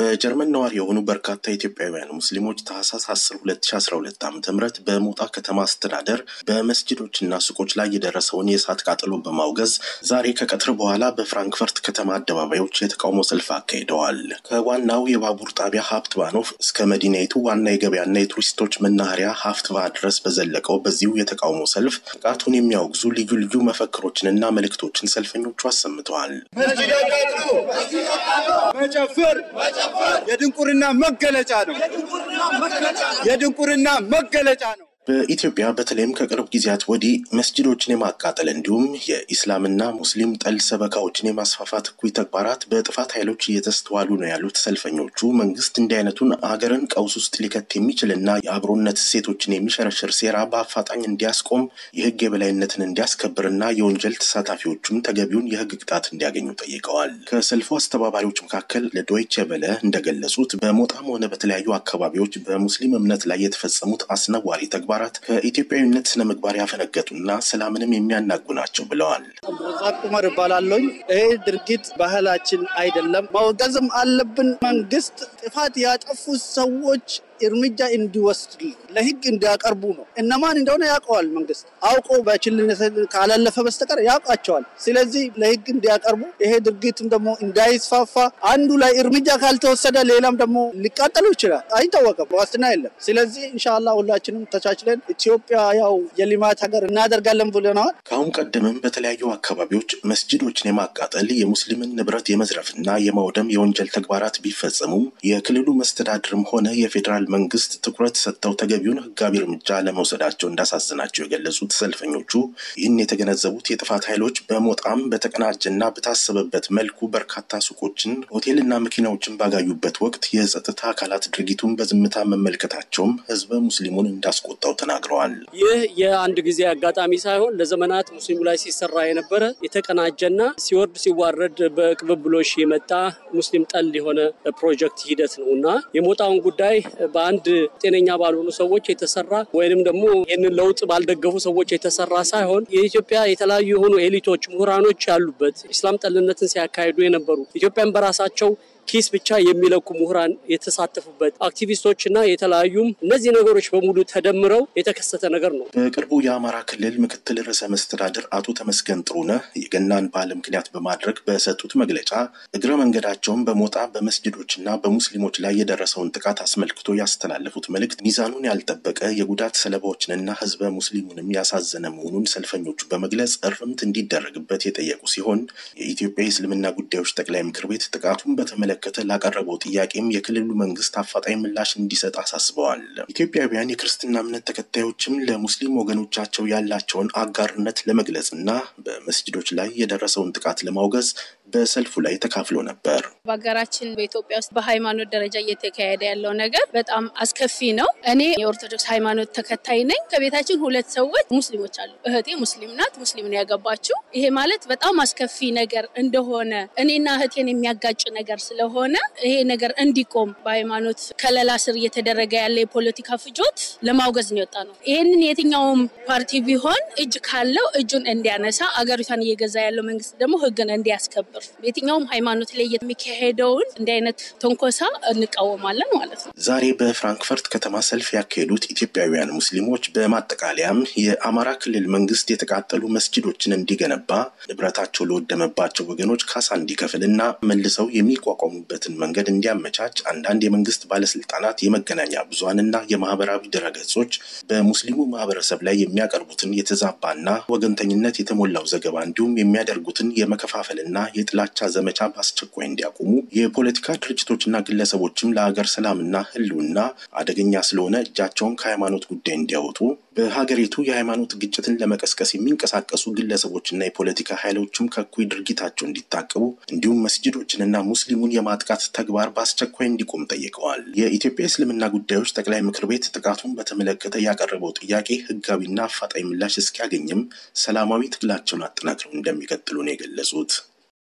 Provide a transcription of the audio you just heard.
በጀርመን ነዋሪ የሆኑ በርካታ ኢትዮጵያውያን ሙስሊሞች ታህሳስ 10 2012 ዓ ም በሞጣ ከተማ አስተዳደር በመስጅዶችና ሱቆች ላይ የደረሰውን የእሳት ቃጠሎ በማውገዝ ዛሬ ከቀትር በኋላ በፍራንክፈርት ከተማ አደባባዮች የተቃውሞ ሰልፍ አካሂደዋል። ከዋናው የባቡር ጣቢያ ሀብት ባኖፍ እስከ መዲናይቱ ዋና የገበያና የቱሪስቶች መናኸሪያ ሀፍት ባ ድረስ በዘለቀው በዚሁ የተቃውሞ ሰልፍ ጥቃቱን የሚያወግዙ ልዩ ልዩ መፈክሮችንና መልእክቶችን ሰልፈኞቹ አሰምተዋል። የድንቁርና መገለጫ ነው። የድንቁርና መገለጫ ነው። በኢትዮጵያ በተለይም ከቅርብ ጊዜያት ወዲህ መስጅዶችን የማቃጠል እንዲሁም የኢስላምና ሙስሊም ጠል ሰበካዎችን የማስፋፋት እኩይ ተግባራት በጥፋት ኃይሎች እየተስተዋሉ ነው ያሉት ሰልፈኞቹ መንግስት እንዲህ አይነቱን አገርን ቀውስ ውስጥ ሊከት የሚችልና የአብሮነት እሴቶችን የሚሸረሽር ሴራ በአፋጣኝ እንዲያስቆም የህግ የበላይነትን እንዲያስከብርና የወንጀል ተሳታፊዎቹም ተገቢውን የህግ ቅጣት እንዲያገኙ ጠይቀዋል። ከሰልፉ አስተባባሪዎች መካከል ለዶይቼ ቬለ እንደገለጹት በሞጣም ሆነ በተለያዩ አካባቢዎች በሙስሊም እምነት ላይ የተፈጸሙት አስነዋሪ ተግባር ተግባራት ከኢትዮጵያዊነት ስነ ምግባር ያፈነገጡና ሰላምንም የሚያናጉ ናቸው ብለዋል። አብዱረዛቅ ይባላለኝ። ይሄ ድርጊት ባህላችን አይደለም፣ ማወገዝም አለብን። መንግስት ጥፋት ያጠፉ ሰዎች እርምጃ እንዲወስድ ለህግ እንዲያቀርቡ ነው። እነማን እንደሆነ ያውቀዋል መንግስት አውቆ በችልነት ካላለፈ በስተቀር ያውቃቸዋል። ስለዚህ ለህግ እንዲያቀርቡ ይሄ ድርጊትም ደግሞ እንዳይስፋፋ አንዱ ላይ እርምጃ ካልተወሰደ ሌላም ደግሞ ሊቃጠሉ ይችላል። አይታወቅም፣ ዋስትና የለም። ስለዚህ እንሻላ ሁላችንም ተቻችለን ኢትዮጵያ ያው የልማት ሀገር እናደርጋለን ብለናል። ከአሁን ቀደምም በተለያዩ አካባቢዎች መስጅዶችን የማቃጠል የሙስሊምን ንብረት የመዝረፍና የማውደም የወንጀል ተግባራት ቢፈጸሙም የክልሉ መስተዳድርም ሆነ የፌዴራል መንግስት ትኩረት ሰጥተው ተገቢውን ህጋዊ እርምጃ ለመውሰዳቸው እንዳሳዘናቸው የገለጹት ሰልፈኞቹ ይህን የተገነዘቡት የጥፋት ኃይሎች በሞጣም በተቀናጀና በታሰበበት መልኩ በርካታ ሱቆችን፣ ሆቴልና መኪናዎችን ባጋዩበት ወቅት የጸጥታ አካላት ድርጊቱን በዝምታ መመልከታቸውም ህዝበ ሙስሊሙን እንዳስቆጣው ተናግረዋል። ይህ የአንድ ጊዜ አጋጣሚ ሳይሆን ለዘመናት ሙስሊሙ ላይ ሲሰራ የነበረ የተቀናጀና ሲወርድ ሲዋረድ በቅብብሎሽ የመጣ ሙስሊም ጠል የሆነ ፕሮጀክት ሂደት ነው እና የሞጣውን ጉዳይ በአንድ ጤነኛ ባልሆኑ ሰዎች የተሰራ ወይንም ደግሞ ይህንን ለውጥ ባልደገፉ ሰዎች የተሰራ ሳይሆን የኢትዮጵያ የተለያዩ የሆኑ ኤሊቶች፣ ምሁራኖች ያሉበት ኢስላም ጠልነትን ሲያካሂዱ የነበሩ ኢትዮጵያን በራሳቸው ኪስ ብቻ የሚለኩ ምሁራን የተሳተፉበት አክቲቪስቶችና የተለያዩም እነዚህ ነገሮች በሙሉ ተደምረው የተከሰተ ነገር ነው። በቅርቡ የአማራ ክልል ምክትል ርዕሰ መስተዳድር አቶ ተመስገን ጥሩነህ የገናን በዓል ምክንያት በማድረግ በሰጡት መግለጫ እግረ መንገዳቸውን በሞጣ በመስጅዶችና በሙስሊሞች ላይ የደረሰውን ጥቃት አስመልክቶ ያስተላለፉት መልእክት ሚዛኑን ያልጠበቀ የጉዳት ሰለባዎችንና ህዝበ ሙስሊሙንም ያሳዘነ መሆኑን ሰልፈኞቹ በመግለጽ እርምት እንዲደረግበት የጠየቁ ሲሆን የኢትዮጵያ የእስልምና ጉዳዮች ጠቅላይ ምክር ቤት ጥቃቱን በተመለከ በተመለከተ ላቀረበው ጥያቄም የክልሉ መንግስት አፋጣኝ ምላሽ እንዲሰጥ አሳስበዋል። ኢትዮጵያውያን የክርስትና እምነት ተከታዮችም ለሙስሊም ወገኖቻቸው ያላቸውን አጋርነት ለመግለጽና በመስጅዶች ላይ የደረሰውን ጥቃት ለማውገዝ በሰልፉ ላይ ተካፍሎ ነበር። በሀገራችን በኢትዮጵያ ውስጥ በሃይማኖት ደረጃ እየተካሄደ ያለው ነገር በጣም አስከፊ ነው። እኔ የኦርቶዶክስ ሃይማኖት ተከታይ ነኝ። ከቤታችን ሁለት ሰዎች ሙስሊሞች አሉ። እህቴ ሙስሊም ናት። ሙስሊም ነው ያገባችው። ይሄ ማለት በጣም አስከፊ ነገር እንደሆነ እኔና እህቴን የሚያጋጭ ነገር ስለሆነ ይሄ ነገር እንዲቆም በሃይማኖት ከለላ ስር እየተደረገ ያለ የፖለቲካ ፍጆት ለማውገዝ ነው የወጣ ነው። ይህንን የትኛውም ፓርቲ ቢሆን እጅ ካለው እጁን እንዲያነሳ፣ አገሪቷን እየገዛ ያለው መንግስት ደግሞ ህግን እንዲያስከብር ሀገር በየትኛውም ሃይማኖት ላይ የሚካሄደውን እንዲህ አይነት ተንኮሳ እንቃወማለን ማለት ነው። ዛሬ በፍራንክፈርት ከተማ ሰልፍ ያካሄዱት ኢትዮጵያውያን ሙስሊሞች በማጠቃለያም የአማራ ክልል መንግስት የተቃጠሉ መስጅዶችን እንዲገነባ፣ ንብረታቸው ለወደመባቸው ወገኖች ካሳ እንዲከፍል እና መልሰው የሚቋቋሙበትን መንገድ እንዲያመቻች አንዳንድ የመንግስት ባለስልጣናት የመገናኛ ብዙሃን እና የማህበራዊ ድረገጾች በሙስሊሙ ማህበረሰብ ላይ የሚያቀርቡትን የተዛባና ወገንተኝነት የተሞላው ዘገባ እንዲሁም የሚያደርጉትን የመከፋፈልና የጥላቻ ዘመቻ በአስቸኳይ እንዲያቆሙ፣ የፖለቲካ ድርጅቶችና ግለሰቦችም ለሀገር ሰላምና ህልውና አደገኛ ስለሆነ እጃቸውን ከሃይማኖት ጉዳይ እንዲያወጡ በሀገሪቱ የሃይማኖት ግጭትን ለመቀስቀስ የሚንቀሳቀሱ ግለሰቦችና የፖለቲካ ኃይሎችም ከኩ ድርጊታቸው እንዲታቀቡ እንዲሁም መስጅዶችንና ሙስሊሙን የማጥቃት ተግባር በአስቸኳይ እንዲቆም ጠይቀዋል። የኢትዮጵያ እስልምና ጉዳዮች ጠቅላይ ምክር ቤት ጥቃቱን በተመለከተ ያቀረበው ጥያቄ ህጋዊና አፋጣኝ ምላሽ እስኪያገኝም ሰላማዊ ትግላቸውን አጠናክረው እንደሚቀጥሉ ነው የገለጹት።